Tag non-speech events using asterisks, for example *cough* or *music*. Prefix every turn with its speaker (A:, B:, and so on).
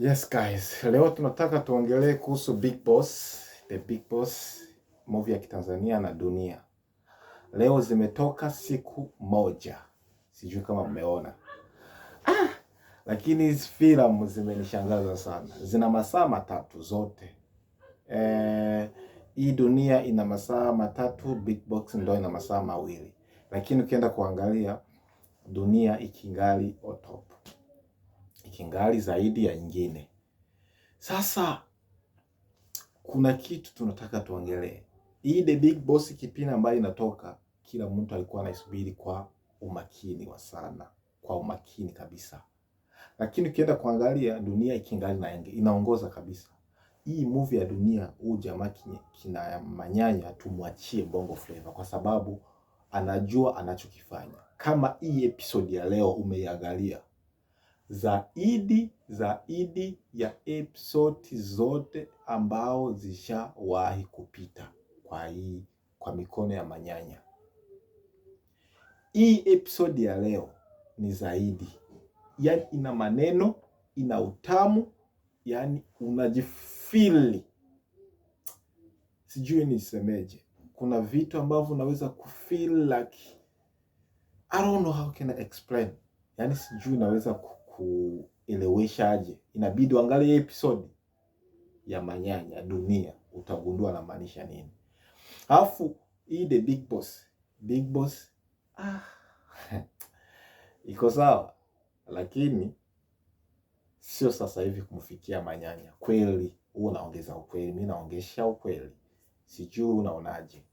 A: Yes guys, leo tunataka tuongelee kuhusu Big Boss, The Big Boss movie ya Kitanzania na dunia. Leo zimetoka siku moja, sijui kama mmeona ah, lakini hizi filamu zimenishangaza sana, zina masaa matatu zote. Eh, hii dunia ina masaa matatu, Big Boss ndo ina masaa mawili, lakini ukienda kuangalia dunia ikingali otopo kingali zaidi ya nyingine. Sasa kuna kitu tunataka tuongelee. Hii The Big Boss kipindi ambayo inatoka, kila mtu alikuwa anaisubiri kwa umakini wa sana, kwa umakini kabisa, lakini ukienda kuangalia dunia ikingali na inaongoza kabisa. Hii movie ya dunia, huu jamaa kina manyanya tumwachie Bongo Flava kwa sababu anajua anachokifanya. Kama hii episode ya leo umeiangalia zaidi zaidi ya episodi zote ambao zishawahi kupita kwa hii kwa mikono ya manyanya. Hii episodi ya leo ni zaidi, yani ina maneno, ina utamu, yani unajifili, sijui nisemeje. Kuna vitu ambavyo unaweza kufeel like I don't know how can I explain, yani sijui naweza ku kueleweshaje, inabidi uangalie episodi ya Manyanya Dunia, utagundua anamaanisha nini. Alafu hii The Big Boss, Big Boss ah, *laughs* iko sawa, lakini sio sasa hivi kumfikia Manyanya. Kweli huu unaongeza ukweli, mi naongesha ukweli, sijui unaonaje?